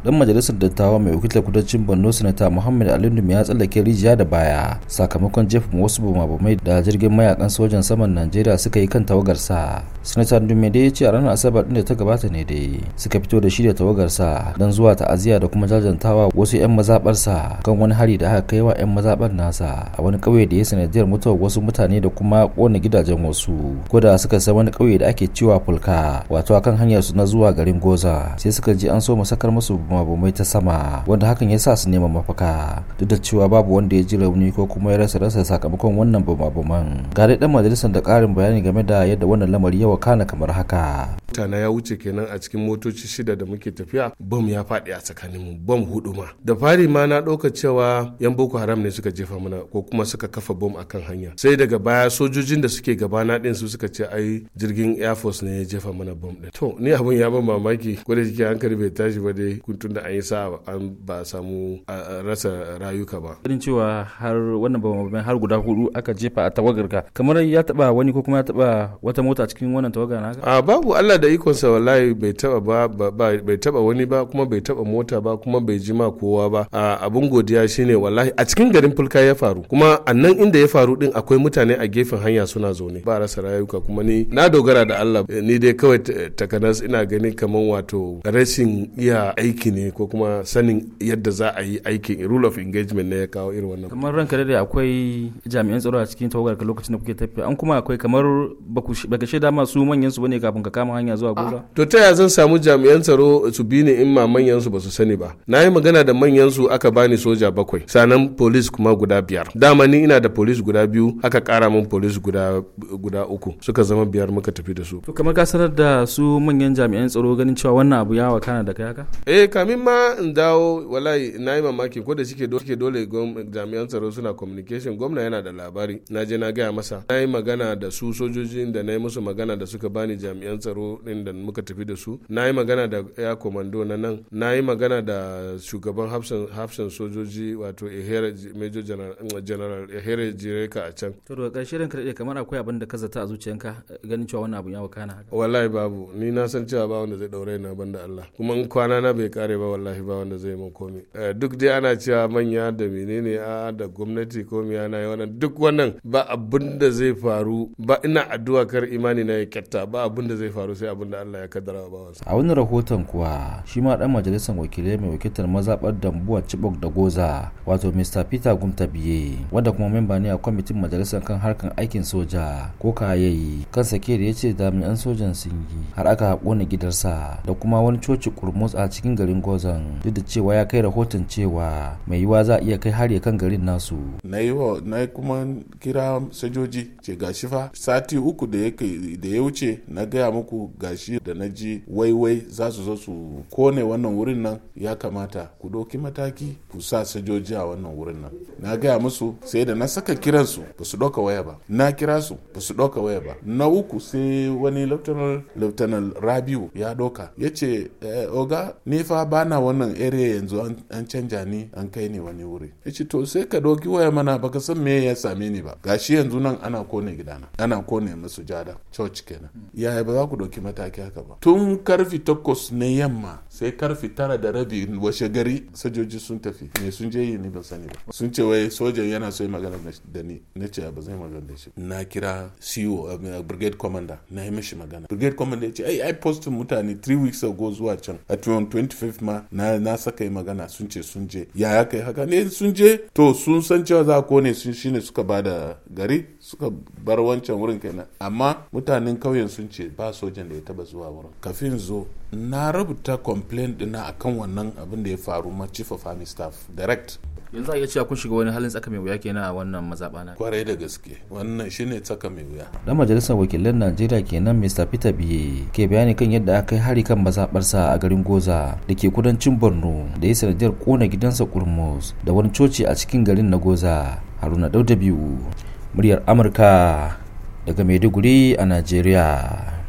dan majalisar dattawa mai wakiltar kudancin borno sanata muhammad alindum ya tsallake rijiya da baya sakamakon jefa wasu bumabumai da jirgin mayakan sojan saman najeriya suka yi kan tawagarsa senator dume dai ya ce a ranar asabar din da ta gabata ne dai suka fito da shirya tawagarsa don zuwa ta'aziyya da kuma jajantawa wasu 'yan mazabarsa kan wani hari da aka kai wa 'yan mazabar nasa a wani kauye da ya sanadiyar mutuwar wasu mutane da kuma kona gidajen wasu ko da suka san wani kauye da ake cewa fulka wato akan hanyar su na zuwa garin goza sai suka ji an so masakar musu mai ta sama wanda hakan ya sa su nema mafaka duk da cewa babu wanda ya ji rauni ko kuma ya rasa rasa sakamakon wannan bumabuman gare dan majalisar da karin bayani game da yadda wannan lamari ya wakana kamar haka mutane ya wuce kenan a cikin motoci shida da muke tafiya bom ya faɗi a tsakanin mu bom hudu ma da fari ma na ɗauka cewa yan boko haram ne suka jefa mana ko kuma suka kafa bom akan hanya sai daga baya sojojin da suke gaba na din su suka ce ai jirgin air force ne ya jefa mana bom din to ni abin ya ban mamaki ko da hankali bai tashi ba dai tun da an yi sa an ba samu rasa rayuka ba ganin cewa har wannan bambamai har guda hudu aka jefa a tawagar ka kamar ya taba wani ko kuma ya taba wata mota cikin wannan tawagar na a babu Allah da ikon sa wallahi bai taba ba bai taba wani ba kuma bai taba mota ba kuma bai jima kowa ba abun godiya shine wallahi a cikin garin fulka ya faru kuma a nan inda ya faru din akwai mutane a gefen hanya suna zaune ba rasa rayuka kuma ni na dogara da Allah ni dai kawai eh, takanas ina ganin kamar wato rashin iya aiki. aiki ne ko kuma sanin yadda za a yi aikin rule of engagement ne ya kawo irin wannan kamar ranka da akwai jami'an tsaro a cikin tawagar ka lokacin da kuke tafiya an kuma akwai kamar ka shaida ma su manyan su bane kafin ka kama hanya zuwa goza to ta ya zan samu jami'an tsaro su bi ni in ma manyan su ba su sani ba na yi magana da manyan su aka bani soja bakwai sanan police kuma guda biyar dama ni ina da police guda biyu aka kara min police guda guda uku suka zama biyar muka tafi da su to kamar ka sanar da su manyan jami'an tsaro ganin cewa wannan abu ya wakana da kai haka eh kamin ma in dawo wallahi na yi mamaki ko da ke dole dole jami'an tsaro suna communication gwamna yana da labari na je na gaya masa na yi magana da su sojojin da na yi musu magana da suka bani jami'an tsaro din da muka tafi da su na yi magana da ya komando na nan na yi magana da shugaban hafsan sojoji wato ehere major general ehere jireka a can to daga ƙarshe ranka daɗe kamar akwai abin da ka zata a zuciyanka ganin cewa wannan abu ya wakana haka wallahi babu ni na san cewa ba wanda zai daure na banda Allah kuma in kwana na bai kare kare ba wallahi ba wanda zai mun komi eh, duk dai ana cewa manya da menene a da gwamnati ko miya na yawan duk wannan ba abin da zai faru ba ina addu'a kar imani na ya kyatta ba abin da zai faru sai abin da Allah ya kaddara ba wansa a wani rahoton kuwa shi ma dan majalisar wakilai mai wakiltar mazabar dambuwa Chibok da Goza wato Mr Peter Gumtabiye wanda kuma memba ne a kwamitin majalisar kan harkan aikin soja ko kayayi kan sake da ya ce an sojan sun yi har aka kona gidarsa da kuma wani coci kurmus a cikin garin ngozan duk da cewa ya kai rahoton cewa mai yiwa za a iya kai har kan garin nasu na yi na kuma kira sojoji ce gashi fa sati uku da da ya wuce na gaya muku gashi da na ji waiwai za su zo su kone wannan wurin nan ya kamata ku ɗauki mataki ku sa sojoji a wannan wurin nan na gaya musu sai da na saka kiransu ba su ɗauka waya ba na kira su ba su ɗauka waya ba na uku sai wani lieutenant lieutenant rabiu ya ɗauka ya ce eh, oga ni fa bana wannan area yanzu an canja ni an kai ni wani wuri ya ce to sai ka doki waya mana baka san me ya same ni ba gashi yanzu nan ana kone gidana ana kone masu jada church kenan yaya ba za ku doki mataki haka ba tun karfi takwas na yamma sai karfi tara da rabi washe gari sojoji sun tafi me sun je yi ni ban sani ba sun ce wai sojan yana so yi magana da ni na ce ba zai magana da shi na kira CEO um, uh, brigade commander na yi mishi magana brigade commander ya ce ai ai postin mutane 3 weeks ago zuwa can a 25 sheriff ma na, na saka yi magana sun ce sun je ya ya kai haka ne sun je to sun san cewa za ko ne sun shine suka ba da gari suka bar wancan wurin kenan amma mutanen kauyen sun ce ba sojan da ya taba zuwa wurin kafin zo na rubuta complaint dina akan wannan abin da ya faru ma chief of army staff direct yanzu a iya cewa kun shiga wani halin tsaka mai wuya kenan a wannan mazaɓa na kwarai da gaske wannan shine tsaka mai wuya dan majalisar wakilan najeriya kenan mr peter biye ke bayani kan yadda aka yi hari kan mazaɓarsa a garin goza da ke kudancin borno da ya sanadiyar kona gidansa kurmus da wani coci a cikin garin na goza haruna dauda biyu muryar amurka daga maiduguri a najeriya